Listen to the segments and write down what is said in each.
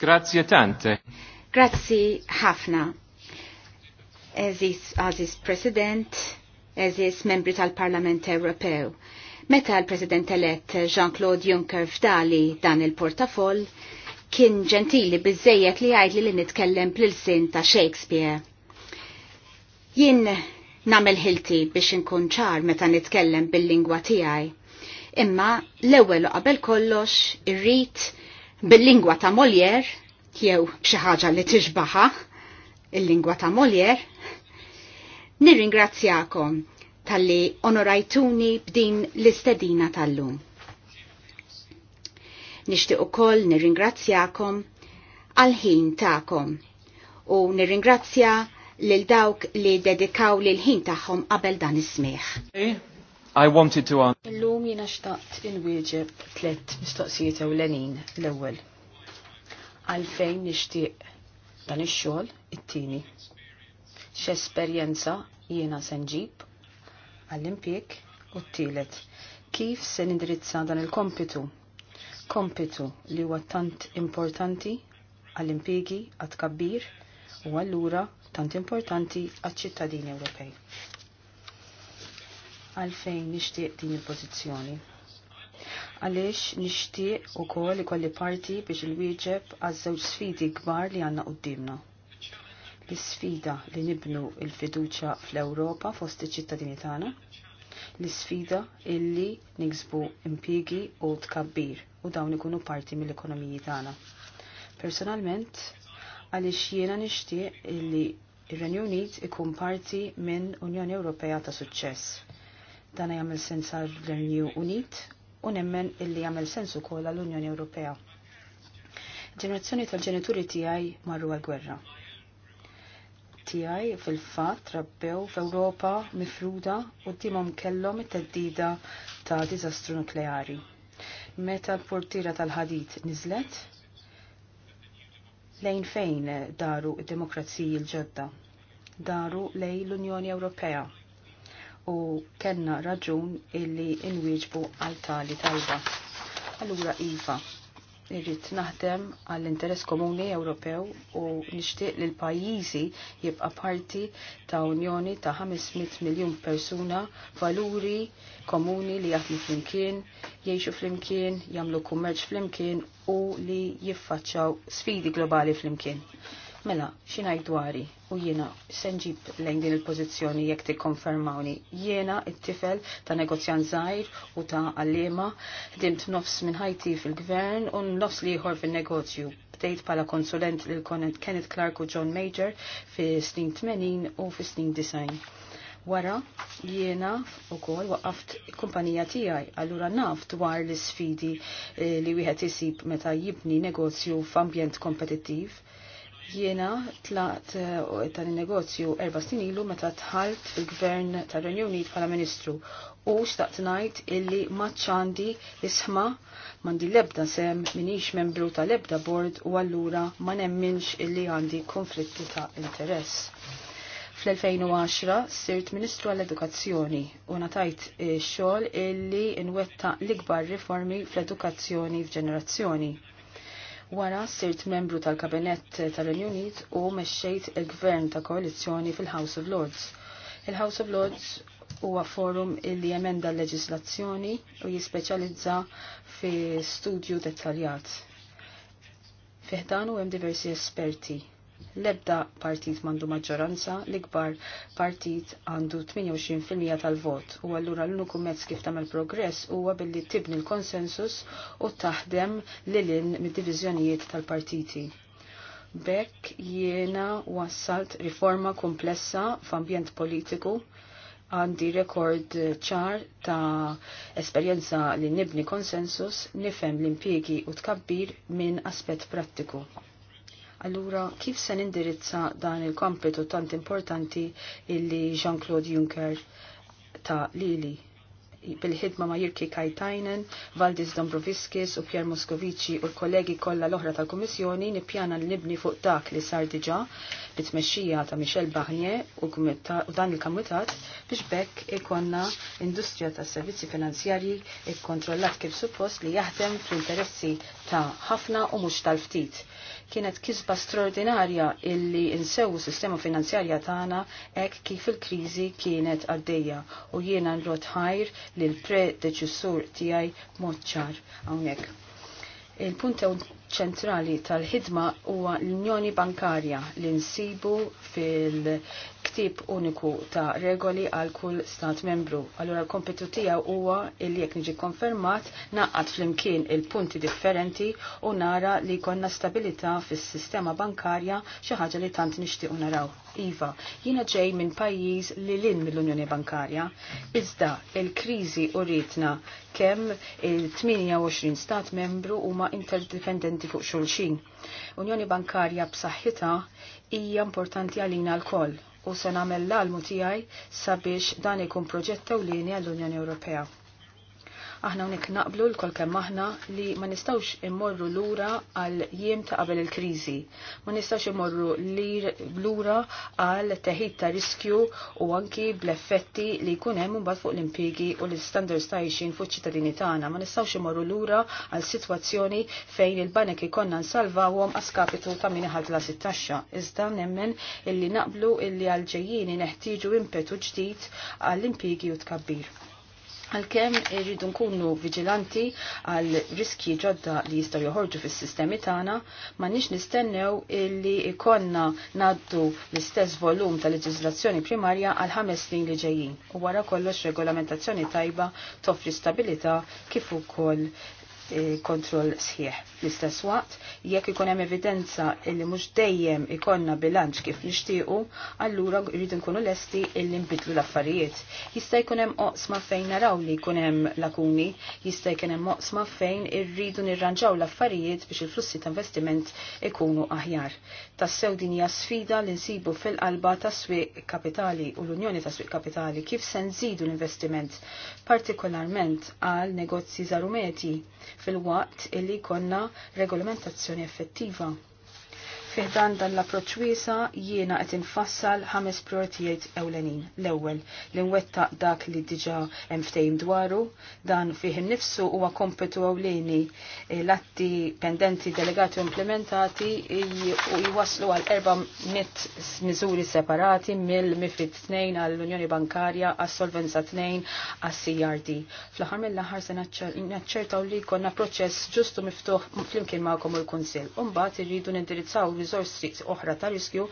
Grazie tante. Grazzi ħafna. Eżis, Aziz President, eżis membri tal-Parlament Ewropew. Meta l-President elett Jean-Claude Juncker fdali dan il-portafoll, kien ġentili bizzejet li għajd li nitkellem pl-sin ta' Shakespeare. Jien namel ħilti biex nkun ċar meta nitkellem bil-lingwa tiegħi. Imma l-ewwel qabel kollox irrid bil-lingwa ta' Molière, jew xi ħaġa li tixbaħa il-lingwa ta' Molière, nirringrazzjakom tal-li onorajtuni b'din l-istedina tal-lum. Nishti u koll nirringrazzjakom għal-ħin ta'kom u nirringrazzja lil dawk li dedikaw l ħin tagħhom qabel dan is I wanted to ask. Illum jina xtaqt il-wieġeb tlet mistoqsijiet ewlenin l-ewwel. Għalfejn nixtieq dan ix-xogħol it-tieni. X'esperjenza jiena se nġib għall-impjeg u t-tielet. Kif se nindirizza dan il-kompitu? Kompitu li huwa tant importanti għall-impjegi għat kabbir u allura tant importanti għat ċittadini Ewropej għalfejn nixtieq din il-pożizzjoni. Għaliex nixtieq ukoll ikolli parti biex il-wieġeb għaż-żewġ sfidi kbar li għandna qudiemna. L-isfida li nibnu il-fiduċa fl-Ewropa fost iċ-ċittadini tagħna, l-isfida illi niksbu impjiegi u tkabbir u dawn ikunu parti mill-ekonomiji tagħna. Personalment, għaliex jiena nixtieq illi il renju Unit ikun parti minn Unjoni Ewropea ta' suċċess. Dan jagħmel sens għall-Renew Unit u nemmen illi jagħmel sens ukoll għall-Unjoni Ewropea. Ġenerazzjoni tal-ġenituri tiegħi marru għall-gwerra. Tiegħi fil-fatt rabbew f'Ewropa mifruda u dimhom kellhom it-teddida ta' diżastru nukleari. Meta l-portira tal-ħadit niżlet, lejn fejn daru id-demokrazija l-ġodda? Daru lej l-Unjoni Ewropea u kellna raġun illi inwieġbu għal tali talba. Allura Iva, irrit naħdem għall interess komuni Ewropew u nixtieq li l-pajjiżi jibqa' parti ta' unjoni ta' 500 miljun persuna valuri komuni li jaħdmu flimkien, jgħixu flimkien, jagħmlu kummerċ flimkien u li jiffaċċaw sfidi globali flimkien. Mela, xinaj dwari u jiena senġib lejn din il-pozizjoni jekk tikkonfermawni. Jiena it-tifel ta' negozjan żgħir u ta' għallima, dimt nofs minn ħajti fil-gvern u nofs liħor fil-negozju. Bdejt pala konsulent lil Kenneth Clark u John Major fi snin 80 u fi snin 90. Wara jiena u kol waqqaft kumpanija tijaj, allura naf dwar l-sfidi eh, li wieħed isib meta jibni negozju f'ambjent kompetittiv Jiena tlaqt uh, ta' negozju erba' snin ilu meta tħalt fil-gvern tar-Renju Unit bħala Ministru u xtaqt ngħid illi maċċandi isma m'għandi l-ebda sem minix membru tal-ebda board u allura ma nemminx illi għandi konflitti ta' interess. Fl-2010 sirt Ministru għall-Edukazzjoni u natajt eh, xogħol illi nwetta l-ikbar riformi fl-edukazzjoni f'ġenerazzjoni Wara sirt membru tal-Kabinett tal-Unit u mexxejt il-Gvern ta' Koalizzjoni fil-House of Lords. Il-House of Lords huwa forum illi emenda l-leġislazzjoni u jispeċjalizza fi studju dettaljat. Fiħdanu hemm diversi esperti L-ebda partit mandu maġġoranza, l-ikbar partit għandu 28% tal-vot u għallura l-uniku mezz kif tamel progress huwa billi tibni l-konsensus u taħdem lilin mid-divizjonijiet tal-partiti. Bekk jiena wassalt riforma komplessa f'ambjent politiku għandi rekord ċar ta' esperjenza li nibni konsensus nifem l-impiegi u tkabbir minn aspett prattiku. Allura, kif se nindirizza dan il-kompetu tant importanti illi Jean-Claude Juncker ta' lili? bil-ħidma ma' Jirki Kajtajnen, Valdis Dombroviskis u Pier Moskovici u l-kollegi kollha l-oħra tal-Kummissjoni nippjana li nibni fuq dak li sar diġà bit-tmexxija ta' Michel Barnier u, u dan il-Kamutat biex bekk ikonna industrija ta' servizzi finanzjarji ikkontrollat kif suppost li jaħdem fl-interessi ta' ħafna u mhux tal-ftit. Kienet kisba straordinarja illi insewu sistema finanzjarja tagħna hekk kif il-kriżi kienet għaddejja u jiena nrot ħajr lill predeċessur tiegħi mod ċar hawnhekk. Il-punt ċentrali tal-ħidma huwa l-Unjoni Bankarja li nsibu fil-ktib uniku ta' regoli għal kull stat membru. Allura l-kompetu tiegħu huwa li jekk niġi konfermat naqgħad flimkien il-punti differenti u nara li konna stabilità fis-sistema bankarja xi ħaġa li tant nixtiequ naraw. Iva, jiena ġej minn pajjiż li lin mill-Unjoni Bankarja, iżda il-kriżi u ritna kemm il-28 stat membru huma interdependenti dipendenti fuq xulxin. Unjoni bankarja b'saħħitha hija importanti għalina l-koll u se nagħmel l-almu tiegħi sabiex dan ikun proġett ewlieni għall-Unjoni Ewropea. Aħna unik naqblu l-kol kemm aħna li ma nistawx immorru lura għal jiem ta' qabel il-krizi. Ma nistawx immorru lura għal teħid ta' riskju u anki bl-effetti li jkun hemm mbagħad fuq l-impjegi u l-standards ta' ixin fuq ċittadini tagħna. Ma nistawx immorru lura għal sitwazzjoni fejn il-banek ikonna nsalvawhom għaskapitu ta' min ħadla sit-taxxa. Iżda nemmen illi naqblu illi għal ġejjini neħtieġu impetu ġdid għall-impjegi u tkabbir għalkemm irridu nkunu vigilanti għal riski ġodda li jistaw joħorġu fis-sistemi tagħna, ma nix nistennew illi ikonna naddu l-istess volum ta' leġizlazzjoni primarja għal ħames snin li ġejjin u wara kollox regolamentazzjoni tajba toffri stabilità kif ukoll kontroll sħiħ. L-istess waqt, jekk ikun hemm evidenza illi mhux dejjem ikonna bilanċ kif nixtiequ, allura rridu nkunu lesti illi nbidlu l-affarijiet. Jista' jkun hemm oqsma fejn naraw li jkun hemm lakuni, jista' jkun hemm oqsma fejn irridu nirranġaw l-affarijiet biex il-flussi ta' investiment ikunu aħjar. Tassew din hija sfida li nsibu fil-qalba tas-swieq kapitali u l-Unjoni ta' swieq kapitali kif se nżidu l-investiment, partikolarment għal negozji żarumeti fil-waqt illi konna regolamentazzjoni effettiva. Fi dan dan l-approċ wiesa jiena qed infassal ħames prioritijiet ewlenin. L-ewwel li nwettaq dak li diġà hemm ftehim dwaru, dan fih innifsu huwa kompetu ewleni e, l-atti pendenti delegati u implementati u jwaslu għal erba' mit miżuri separati mill-Mifid 2 għall-Unjoni Bankarja għas-Solvenza 2 għas-CRD. Fl-aħħar mill-aħħar se naċċertaw li jkollna proċess ġustu miftuħ flimkien magħkom il-Kunsill. U mbagħad irridu nindirizzaw resorsi oħra ta' riskju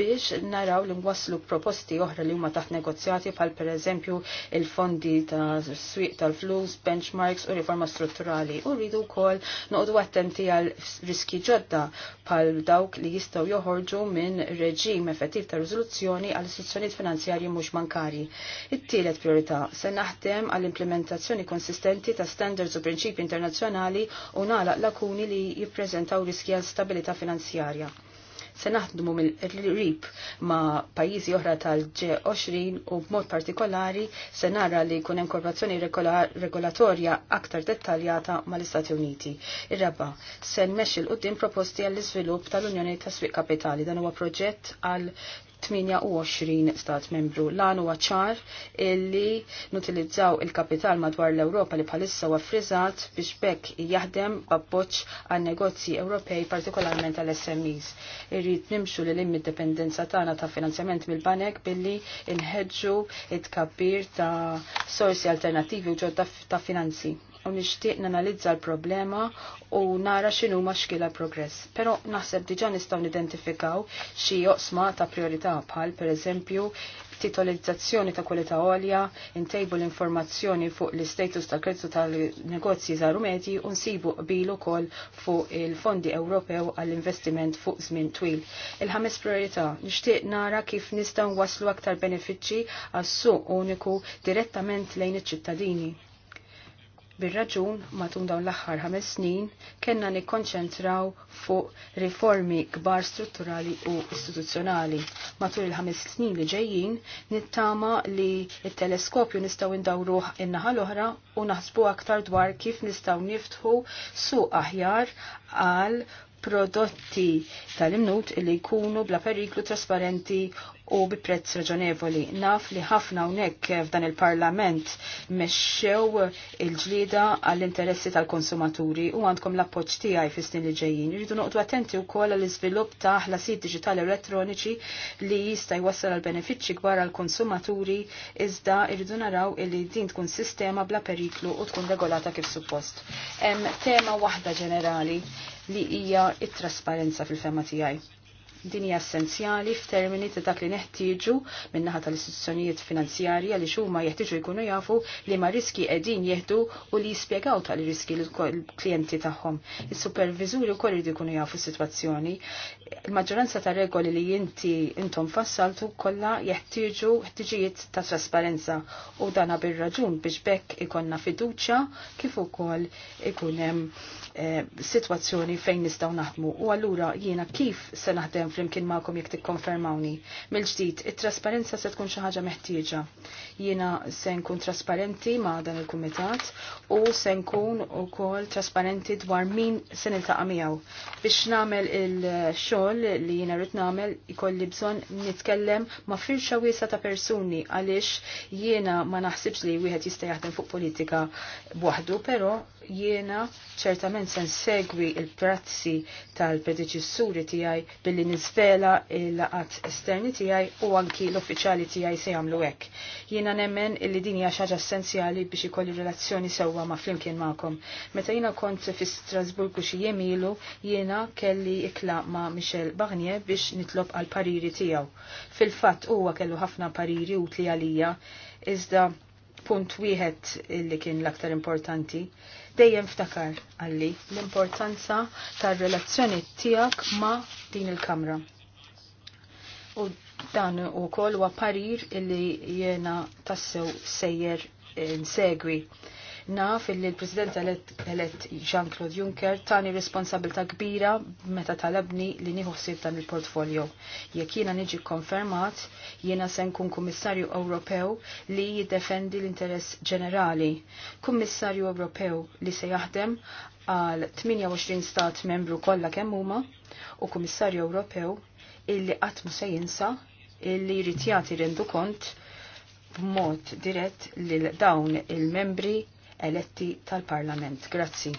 biex naraw li mwaslu proposti oħra li huma taħt negozjati per pereżempju il-fondi ta' swieq tal-flus, benchmarks u riforma strutturali. U rridu wkoll noqdu attenti għal riski ġodda bħal dawk li jistgħu joħorġu minn reġim effettiv ta' riżoluzzjoni għal istituzzjonijiet finanzjarji mhux bankari. It-tielet priorità se naħdem għall implementazzjoni konsistenti ta' standards u prinċipi internazzjonali u nagħlaq lakuni li jippreżentaw riski għal stabilità finanzjarja Se naħdmu mill-rib ma' pajjiżi oħra tal-G20 u b'mod partikolari se nara li jkun hemm korporazzjoni regolatorja aktar dettaljata mal-Istati Uniti. Ir-raba, se nmexxi l qudiem proposti għall-iżvilupp tal-Unjoni tas-Swieq Kapitali dan huwa proġett għal 28 stat membru. Lan huwa ċar illi nutilizzaw il-kapital madwar l-Ewropa li bħalissa u għafrizat biex bekk jaħdem babboċ għan negozji Ewropej partikolarment għal SMEs. Irrid nimxu li l dependenza tagħna ta' finanzjament mill-banek billi inħedġu it-kabbir ta' sorsi alternativi u ġodda ta' finanzi u nixtieq nanalizza l-problema u nara x'inhu maxkila progress. Però naħseb diġà nistgħu nidentifikaw xi joqsma ta' priorità bħal pereżempju titolizzazzjoni ta' kwalità għolja, intejbu l-informazzjoni fuq l-istatus ta' kredzu tal-negozji żaru medji u nsibu qbil ukoll fuq il-Fondi Ewropew għall-investiment fuq żmien twil. Il-ħames priorità nixtieq nara kif nistgħu waslu aktar benefiċċji għas-suq uniku direttament lejn iċ-ċittadini. Bir-raġun matun dawn l-aħħar ħames snin kellna nikkonċentraw fuq riformi kbar strutturali u istituzzjonali. Matul il-ħames snin li ġejjin nittama li il-teleskopju nistgħu indawruh in-naħa l-oħra u naħsbu aktar dwar kif nistgħu niftħu suq aħjar għal prodotti tal-imnut li jkunu bla periklu trasparenti u bi prezz raġonevoli. Naf li ħafna unek f'dan il-parlament mexxew il-ġlida għall-interessi tal-konsumaturi u għandkom l-appoċ tiegħi fis-snin li ġejjin. Irridu noqdu attenti wkoll għall-iżvilupp ta' ħlasijiet diġitali elettroniċi li jista' jwassal għal benefiċċji kbar għall-konsumaturi iżda irridu naraw li din tkun sistema bla periklu u tkun regolata kif suppost. Hemm tema waħda ġenerali li hija it-trasparenza fil-fema tiegħi. Din hija essenzjali f'termini ta' dak li neħtieġu minnaħa tal-istituzzjonijiet finanzjarja li xuma jeħtieġu jkunu jafu li ma' riski qegħdin jieħdu u li jispjegaw tal-riski l-klijenti tagħhom. Is-superviżuri wkoll irid jkunu jafu s-sitwazzjoni. Il-maġġoranza ta' regoli li inti intom fassaltu kollha jeħtieġu ħtiġijiet ta' trasparenza u dana bir-raġun biex bekk ikonna fiduċja kif ukoll ikun hemm eh, sitwazzjoni fejn nistgħu naħdmu. U allura jiena kif se naħdem flimkien ma'kom jekk tikkonfermawni. Mill-ġdid, it-trasparenza se tkun xi ħaġa meħtieġa. Jiena se nkun trasparenti ma' dan il-kumitat u se nkun ukoll trasparenti dwar min se niltaqa' miegħu. Biex nagħmel il-xogħol li jiena rrid nagħmel ikolli bżonn nitkellem ma' firxa wiesa ta' persuni għaliex jiena ma naħsibx li wieħed jista' jaħdem fuq politika waħdu, però jiena ċertament se nsegwi il-prazzi tal-predeċessuri tiegħi billi l il-laqat esterni tijaj u anki l-uffiċali tijaj se jamlu ek. Jina nemmen illi din hija xaġa essenzjali biex ikolli relazzjoni sewwa ma' flimkien ma'kom. Meta jina kont fi Strasburgu xi jemilu, jina kelli ikla ma' Michel Barnier biex nitlob għal pariri tijaw. Fil-fatt huwa kellu ħafna pariri utli għalija, iżda punt wieħed illi kien l-aktar importanti, dejjem ftakar għalli l-importanza tar relazzjoni tiegħek ma' din il-kamra. U dan u kol u parir illi jena tassew sejjer insegwi. segwi Naf illi l-President elett Jean-Claude Juncker tani responsabilta kbira meta talabni li nieħu dan il-portfolio. Jekk jiena niġi konfermat, jiena se nkun Kummissarju Ewropew li jiddefendi l-interess ġenerali. Kummissarju Ewropew li se jaħdem għal 28 stat membru kollha kemm huma u Kummissarju Ewropew illi qatt se jinsa illi jrid jagħti rendu kont b'mod dirett lil dawn il-membri eletti tal-Parlament. Grazzi.